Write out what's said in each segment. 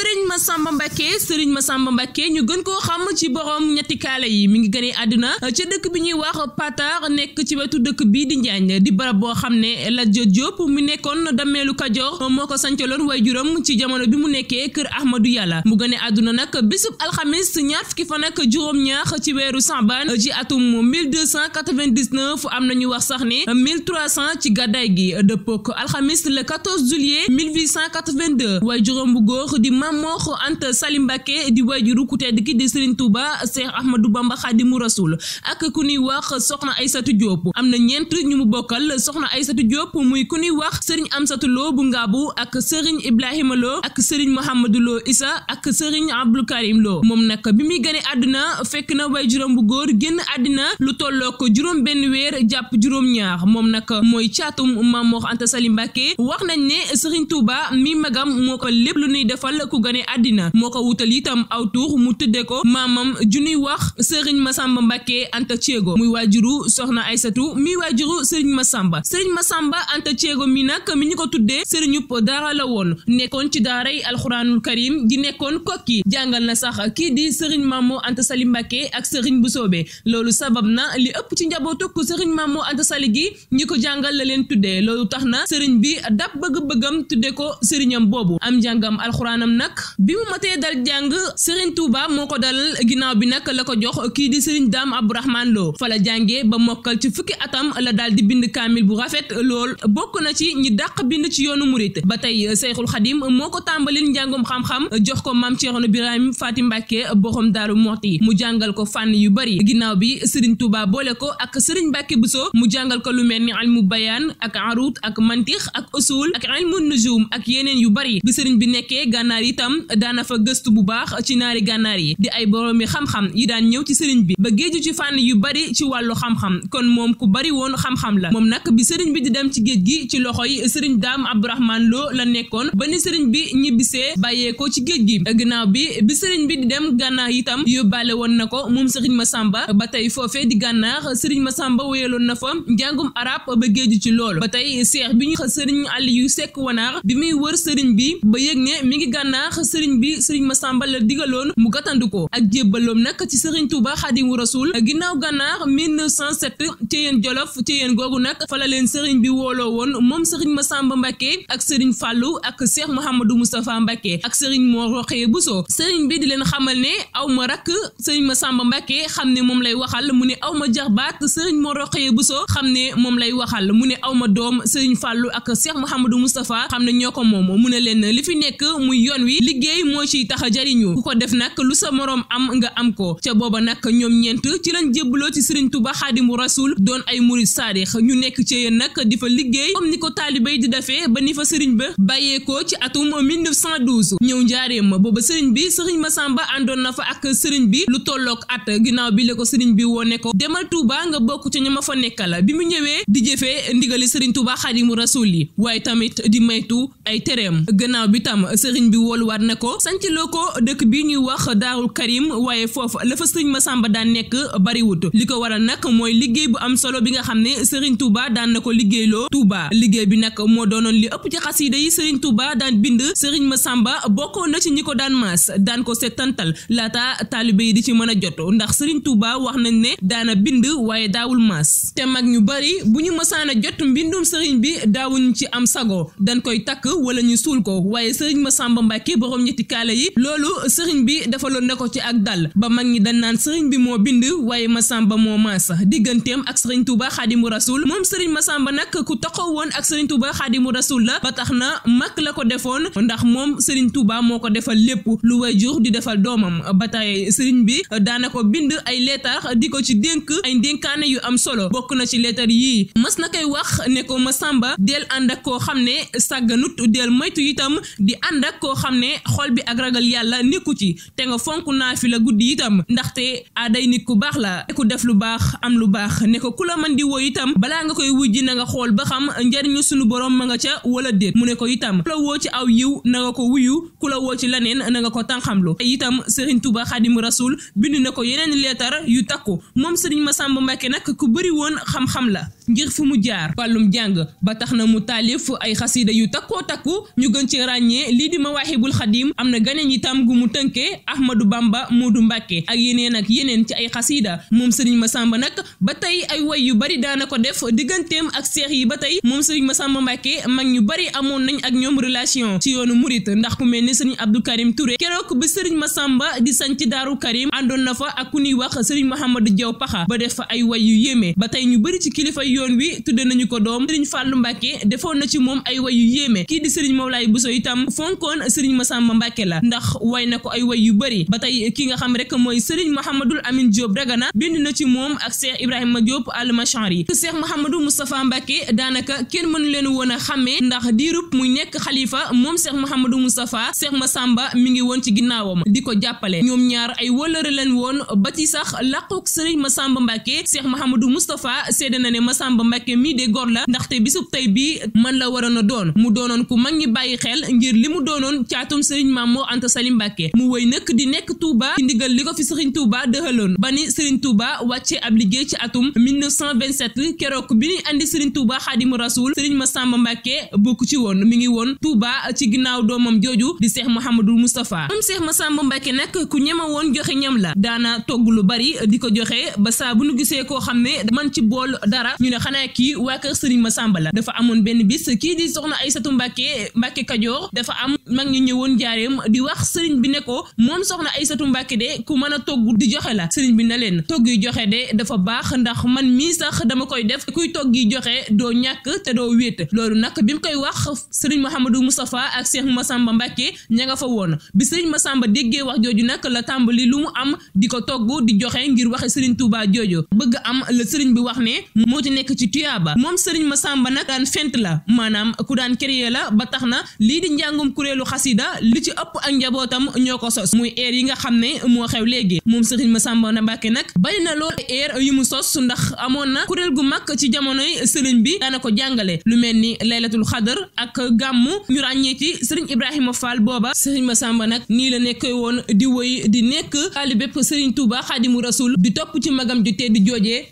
sëriñ Massamba Mbacke Serigne Massamba Mbacke ñu gën koo xam ci borom ñetti kaala yi mi ngi gënee àdduna ca dëkk bi ñuy wax Patar nekk ci wetu dëkk bii di Njaañ di barab boo xam ne la Lat Diop mu nekkoon dameelu Kajoor moo ko sancaloon way juróom ci jamono bi mu nekkee kër Ahmadou Yàlla mu gënee àdduna nag bisub alxamis ñaar fukki fa nak juróom ñaax ci weeru Sambaan ci atum 1299 am nañu wax sax ne 1300 ci gàddaay gi dëppook alxamis le 14 juillet 1882 way juróom bu góor Cheikh Anta Salim Mbacké di waajuru ku tedd ki di Serigne Touba Cheikh Ahmadou Bamba Khadimou Rasoul ak ku ñuy wax soxna Aysatu Diop am na ñeent ñu mu bokkal soxna Aysatu Diop muy ku ñuy wax Serigne Amsatou Lo bu Ngaabu ak Serigne Ibrahima Lo ak Serigne Mouhamadou Lo Issa ak Serigne Abdou Karim Lo moom nag bi muy gane àdduna fekk na waajuram bu góor génn àddina lu tollook juróom benn weer jàpp juróom ñaar moom nag mooy caatum Maam Mor Anta Salim wax nañ ne Serigne Touba mi magam moo ko lépp lu ñuy defal ku gane àddina àddina moo ko wutal itam aw tur mu tuddee ko maamam nuy wax sëriñ Masamba Mbàkke Anta Ceego muy waajuru soxna Aysatu muy waajuru sëriñ Masamba sëriñ Masamba Anta Ceego mi nag mi ñu ko tuddee sëriñub daara la woon nekkoon ci daaray alxuraanul karim gi nekkoon kokki jàngal na sax kii di sëriñ Maamo Anta Sali Mbàkke ak sëriñ bu soobee loolu sabab na li ëpp ci njabootu ko sëriñ Maamo Anta Sali gi ñu ko jàngal la leen tuddee loolu tax na sëriñ bi dab bëgg-bëggam tudde ko sëriñam boobu am njàngam alxuraanam nag bi mu matee dal jàng Serigne Touba moo ko dal ginnaaw bi nag la ko jox kii di Serigne Dame Abdourahmane Lo fa la jàngee ba mokkal ci fukki atam la daal di bind kaamil bu rafet lool bokk na ci ñi dàq bind ci yoonu murit ba tey Seyxul Xadim moo ko tàmbalil njàngum xam-xam jox ko maam Ceerno Birahim Faati Mbàkke borom Daaru Muxti mu jàngal ko fànn yu bari ginnaaw bi Serigne Touba boole ko ak Serigne Mbàkke Buso mu jàngal ko lu mel ni ilmu bayaan ak arut ak mantix ak usul ak ilmu nujum ak yeneen yu bari bi Serigne bi nekkee gànnaar itam daana fa gëstu bu baax ci naari gànnaar yi di ay boroomi xam-xam yi daan ñëw ci sëriñ bi ba géeju ci fànn yu bari ci wàllu xam-xam kon moom ku bari woon xam-xam la moom nag bi sëriñ bi di dem ci géej gi ci loxo yi sëriñ daam abdourahman loo la nekkoon ba ni sëriñ bi ñibbisee bàyyee ci géej gi gannaaw bi bi sëriñ bi di dem gànnaar itam yóbbaale woon na ko moom sëriñ ma sàmba ba tey foofee di gànnaar sëriñ ma Masamba wéyaloon na fa njàngum arab ba géeju ci loolu ba tey seex bi ñu sëriñ Aliou Seck Wanar bi sëriñ bi sëriñ Masamba la digaloon mu gàttandu ko ak jébbaloom nag ci sëriñ Touba Xaadimu Rasuul ginnaaw gànnaar 1907 ci yéen Jolof ci yéen googu nag fa leen sëriñ bi wooloo woon moom sëriñ Masamba Mbacke ak sëriñ Fallou ak Cheikh Mouhamadou Moustapha Mbacke ak sëriñ Mor Roxee Bousso sëriñ bi di leen xamal ne aw ma rakk sëriñ Masamba Mbacke xam ne moom lay waxal mu ne aw ma jarbaat sëriñ Mor bu soo xam ne moom lay waxal mu ne aw ma doom sëriñ Fallou ak Cheikh Mouhamadou Moustapha xam ne ñoo ko moom mu ne leen li fi liggéey moo ko def lu sa moroom am nga am ko ca booba nag ñoom ñeent ci lañ jébbaloo ci Serigne Touba Xaadimu Rasul doon ay murid saadix ñu nekk ci yéen di fa liggéey comme ni ko taalibéy di defee ba ni fa Serigne ba bàyyeekoo ci atum 1912 ñëw njaareem booba Serigne bi Serigne Massamba àndoon na fa ak Serigne bi lu tollook at ginnaaw bi la ko Serigne bi wone ko demal Touba nga bokk ca ma fa nekkal bi mu ñëwee di jëfee ndigali Serigne Touba Xaadimu Rasul yi waaye tamit di maytu ay tereem gannaaw bi tam Serigne bi woluwaat na boole ko sanc loo ko dëkk bi ñuy wax daarul karim waaye foofu la fa ma Masamba daan nekk bariwut li ko waral nag mooy liggéey bu am solo bi nga xam ne sëriñ Touba daan na ko liggéeyloo Touba liggéey bi nak moo doonoon li ëpp ci xasida yi sëriñ Touba daan bind sëriñ Masamba bokkoon na ci ñi ko daan maas daan ko settantal laata taalibe yi di ci mën a jot ndax sëriñ Touba wax nañ ne daana bind waaye daawul maas te mag ñu bari bu ñu mësaan a jot mbindum sëriñ bi daawuñu ci am sago dañ ko waaye juróom-ñetti loolu sëriñ bi defaloon na ko ci ak dal ba mag ñi dañ naan sëriñ bi moo bind waaye Masamba moo maas digganteem ak sëriñ Touba Xaadimu Rasul moom sëriñ Masamba nag ku taxaw woon ak sëriñ Touba Xaadimu Rasul la ba tax na mag la ko defoon ndax moom sëriñ Touba moo ko defal lépp lu waajur di defal doomam ba tey sëriñ bi daana ko bind ay leetar di ko ci dénk ay dénkaane yu am solo bokk na ci leetar yii mas na koy wax ne ko Masamba del ànd ak koo xam ne sàgganut del ànd ak koo xool bi ak ragal yàlla nekku ci te nga fonk naa fi la guddi itam ndaxte aaday nit ku baax la ku def lu baax am lu baax ne ko ku la mën di woo itam balaa nga koy wujj na nga xool ba xam njariñu sunu borom ma nga ca wala déet mu ne ko itam ku la woo ci aw yiw na nga ko wuyu ku la woo ci laneen na nga ko tànxamlu te itam Serigne Touba Xaadimu Rasul bind na ko yeneen leetar yu takku moom ma Massamba Mbacké nag ku bëri woon xam-xam la ngir fu mu jaar wàllum jàng ba tax na mu taalif ay xasida yu takkoo takku ñu gën ci ràññee lii di ma mawaaxibul xadim am na ganeen itam gu mu tënkee Ahmadu Bamba moo Moodu Mbàkke ak yeneen ak yeneen ci ay xasida moom Sëriñ sàmba nag ba tey ay way yu bari daana ko def digganteem ak seex yi ba tey moom Sëriñ Masamba Mbàkke mag ñu bari amoon nañ ak ñoom relation ci yoonu murit ndax ku mel ni Sëriñ Abdou Karim ture keroog bi Sëriñ ma sàmba di sanc Daaru Karim àndoon na fa ak ku ñuy wax Sëriñ Mouhamadou Diaw Paxa ba def fa ay way yu yéeme yoon wi tudde nañu ko doom sëriñ Fallou Mbacke defoon na ci moom ay way yu yéeme kii di sëriñ Mawlaay Bousso itam fonkoon sëriñ Massamba Mbacke la ndax way na ko ay way yu bëri ba tey ki nga xam rek mooy sëriñ Mouhamadul Amin Diop Dagana bind na ci moom ak Cheikh Ibrahima Diop Almachari Cheikh Mouhamadou Moustapha Mbacke daanaka kenn mënu leen woon a xàmmee ndax diirub muy nekk xalifa moom Cheikh Mouhamadou Moustapha Cheikh Massamba mi ngi woon ci ginnaawam di ko jàppale ñoom ñaar ay wëllëre leen woon ba ci sax làquk sëriñ Massamba Mbacke Cheikh Samba Mbacke mii de góor la ndaxte bisub tey bii man la waroon a doon mu doonoon ku mag ñi bàyyi xel ngir li mu doonoon caatum Serigne Mame Mor Anta Saly Mbacke mu wëy nag di nekk Touba ci ndigal li ko fi Serigne Touba dëxaloon ba ni Serigne Touba wàcce ab liggéey ci atum 1927 bi ñuy andi Serigne Touba Xaadimu Rasuul Serigne Massamba Mbacke bokk ci woon mi ngi woon Touba ci ginnaaw doomam jooju di Cheikh Mouhamadou Moustapha moom Cheikh Massamba Mbacke nag ku ñema woon joxe la daana togg lu bari di ko joxe ne xanaa kii waa kër ma Massamba la dafa amoon benn bis kii di soxna Aysatu Mbàkke Mbàkke Kajoor dafa am mag ñu ñëwoon jaareem di wax sëriñ bi ne ko moom soxna ay satu Mbàkke de ku mën a togg di joxe sëriñ bi na leen togg yi joxe de dafa baax ndax man mii sax dama koy def kuy togg yi joxe doo ñàkk te doo wéet loolu nak bi mu koy wax sëriñ Mouhamadou Moustapha ak seen ma Massamba Mbàkke ña nga fa woon bi sëriñ Massamba déggee wax jooju nak la tàmbali lu mu am di ko togg di joxe ngir waxe sëriñ Touba jooju bëgg am la sëriñ bi wax ne moo ci nekk ci tuyaaba moom sëriñ Masamba nag daan fent la maanaam ku daan créer la ba tax na lii di njàngum kuréelu xasida li ci ëpp ak njabootam ñoo ko sos muy air yi nga xam ne moo xew léegi moom sëriñ Masamba Mbàkke nag bari na lool air yu mu sos ndax amoon na kuréel gu mag ci jamonoy sëriñ bi daana ko jàngale lu mel ni laylatul xadar ak gàmm ñu ràññee ci sëriñ Ibrahima Fall booba sëriñ Masamba nag nii la nekkee woon di woy di nekk taalibe bépp sëriñ Touba Xaadimu Rasul di ci magam ju tedd joojee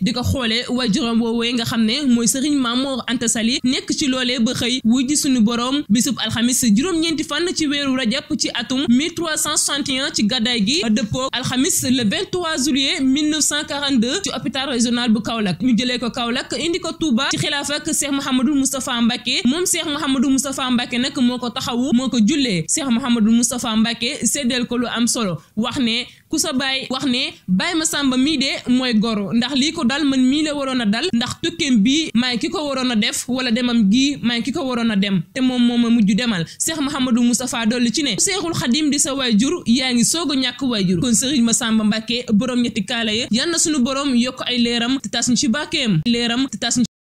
nga xam ne mooy sëriñ Mamour Anta Sali nekk ci loole ba xëy wuy ji suñu boroom bisub alxamis juróom-ñeenti fan ci weeru rajab ci atum 1361 ci gàddaay gi dëppoo alxamis le 23 juillet 1942 ci hôpital régional bu Kaolack ñu jëlee ko Kaolack indi ko Touba ci xilaaf ak Cheikh Mouhamadou Moustapha Mbacké moom Cheikh Mouhamadou Moustapha Mbacké nag moo ko taxawu moo ko jullee Cheikh Mouhamadou Moustapha Mbacké séddeel ko lu am solo wax ne ku sa baay wax ne baay ma sàmba mii de mooy gor ndax lii ko dal man mii la waroon a dal ndax tukkeem bii maay ki ko waroon a def wala demam gii maay ki ko waroon a dem te moom moo ma mujj demal Cheikh Mouhamadou Moustapha dolli ci ne Cheikhul Khadim di sa waajur yaa ngi soog a ñàkk waajur kon Serigne Massamba Mbacke borom ñetti kaala ya yal na sunu borom yokk ay leeram te tas ñu ci bàkkeem leeram te tas